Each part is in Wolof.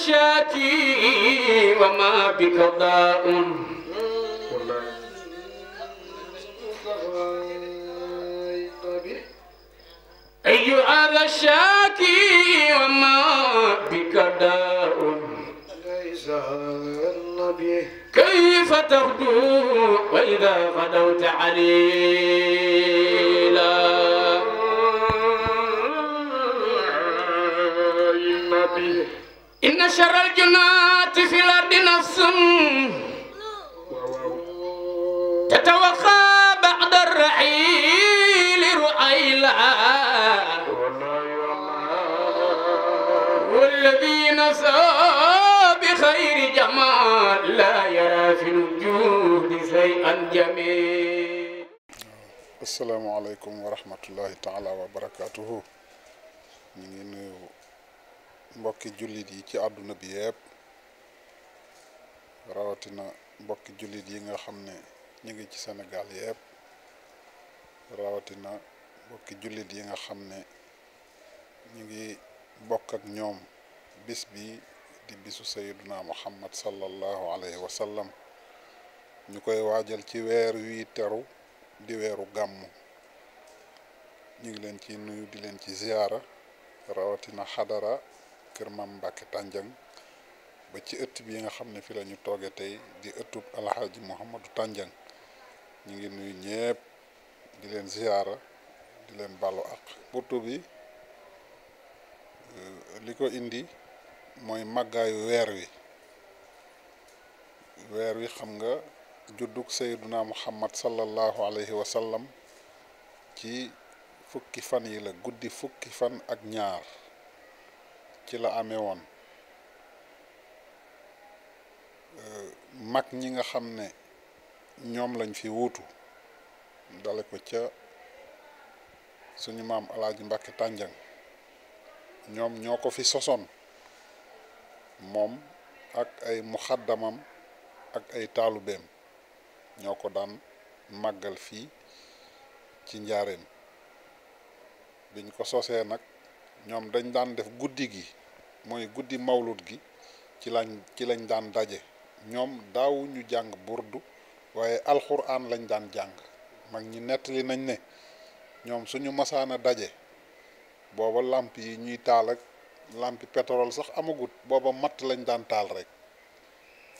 الشاتي وما بك ضاء أي هذا الشاكي وما بك داء ليس النبي كيف تغدو وإذا غدوت عليلا معشر الجنات في الأرض نفس تتوقع بعد الرحيل رؤيلا والذي نسى بخير جمال لا يرى في الوجود شيئا جميل السلام عليكم ورحمة الله تعالى وبركاته ñu ngi nuyu mbokki jullit yi ci àdduna bi yépp rawatina mbokki jullit yi nga xam ne ñu ngi ci Sénégal yépp rawatina mbokki jullit yi nga xam ne ñu ngi bokk ñoom bis bi di bisu sayiduna muhammad sallallahu alayhi wa ñu koy waajal ci weer wi teru di weeru gàmmu ñu ngi leen ci nuyu di leen ci ziyaara rawatina xadara kër Maam Mbàkke Tànjang ba ci ëtt bi nga xam ne fi lañu tooge tey di ëttub alxaaji Mouhamadou Tànjang ñu ngi nuyu ñëpp di leen ziyaara di leen bàllu ak burtu bi euh, li ko indi mooy màggaayu weer wi weer wi xam nga juddug sayduna muhammad sallallahu alayhi wa sallam ci fukki fan yi la guddi fukki fan ak ñaar ci la amee woon euh, mag ñi nga xam ne ñoom lañ fi wuutu dale ko ca suñu maam alaaji Mbàkke tànjang ñoom ñoo ko fi sosoon moom ak ay muxaddamam ak ay taalubeem ñoo ko daan màggal fii ci njaareem biñ ko sosee nag ñoom dañ daan def guddi gi mooy guddi mawlut gi ci lañ ci lañ daan daje ñoom daawuñu jàng burdu waaye alxuraan lañ daan jàng mag ñi nettali nañ ne ñoom suñu masaana daje booba làmp yi ñuy taal ak làmpi pétrole sax amagut booba matt lañ daan taal rek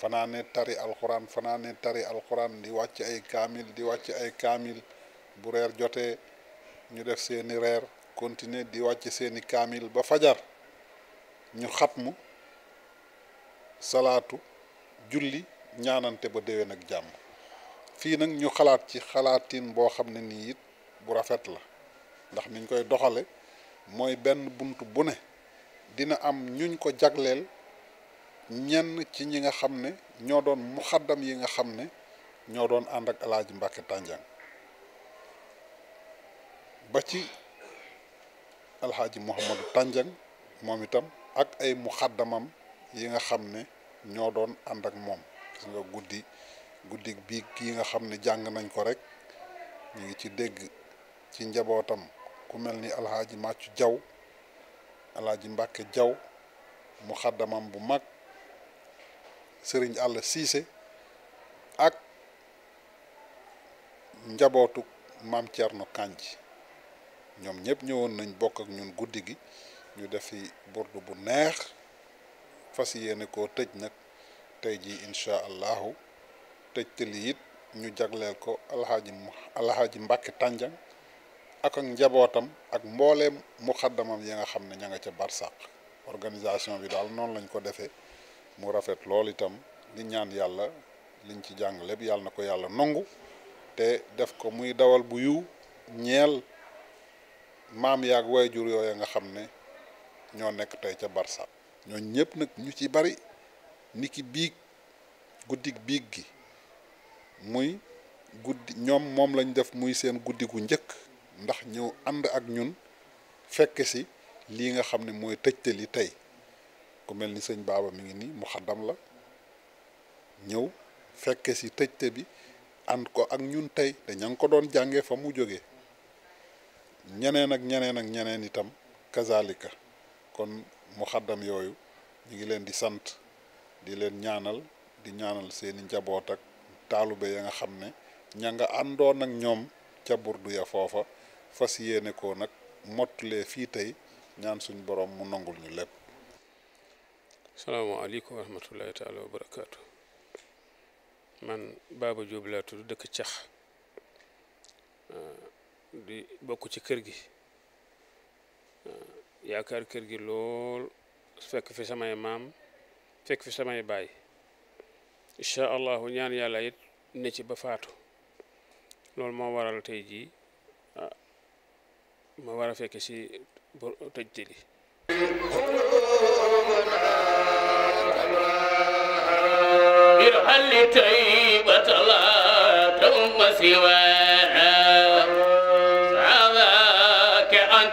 fanaane tari alxuraan fanaane tari alxuraan di wàcc ay kaamil di wàcc ay kaamil bu reer jotee ñu def seeni reer kontine di wàcc seeni kaamil ba fajar ñu xatmu salaatu julli ñaanante ba déwén nag jàmm fii nag ñu xalaat ci xalaatin boo xam ne nii it bu rafet la ndax niñ koy doxale mooy benn bunt bu ne dina am ñuñ ko jagleel ñenn ci ñi nga xam ne ñoo doon muxaddam yi nga xam ne ñoo doon ànd ak alaaji Mbàkke Tànjang ba ci alxaaji Mouhamadou Tandiang moom itam ak ay muxaddamam yi nga xam ne ñoo doon ànd ak moom gis nga guddi guddi bii yi nga xam ne jàng nañ ko rek ñu ngi ci dégg ci njabootam ku mel ni alxaaji Màccu Jaw alxaaji Mbàkke Jaw muxaddamam bu mag sëriñ àll siise ak njabootu maam Cerno Kanji ñoom ñëpp ñëwoon nañ bokk ak ñun guddi gi ñu def fi burdu bu neex fas yéene ko tëj nag tey jii incha allahu tëj tëli it ñu jagleel ko alxaaji alxaaji Mbàkke Tànjang ak ak njabootam ak mbooleem muxaddamam yi nga xam ne ña nga ca barsàq organisation bi daal noonu lañ ko defee mu rafet lool itam di ñaan yàlla liñ ci jàng lépp yàlla na ko yàlla nangu te def ko muy dawal bu yiw ñeel maam yaag jur yooya nga xam ne ñoo nekk tey ca barsa ñoo ñëpp nag ñu ci bari ni ki biig guddik biig gi muy guddi ñoom moom lañ def muy seen guddi gu njëkk ndax ñëw ànd ak ñun fekk si lii nga xam ne mooy tëjte li tey ku mel ni sëñ baaba mi ngi nii mu xaddam la ñëw fekke si tëjte bi ànd ko ak ñun tey te ña ngi ko doon jàngee fa mu jóge ñeneen ak ñeneen ak ñeneen itam kazalika kon mu xaddam yooyu ñu ngi leen di sant di leen ñaanal di ñaanal seeni njaboot ak taalube ya nga xam ne ña nga àndoon ak ñoom ca burdu ya foofa fas yéene ko nag mottulee fii tey ñaan suñ borom mu nangul ñu lépp. salaamaaleykum wa rahmatullahi taala wa man Baba Diop laa tudd dëkk Cax. di bokk ci kër gi yaakaar kër gi lool fekk fi samay maam fekk fi samay baay incha allahu ñaan yàlla it ne ci ba faatu loolu moo waral tey jii ah, moo war a fekk si bu tëj tëli ارحل لتيبة لا تم سواك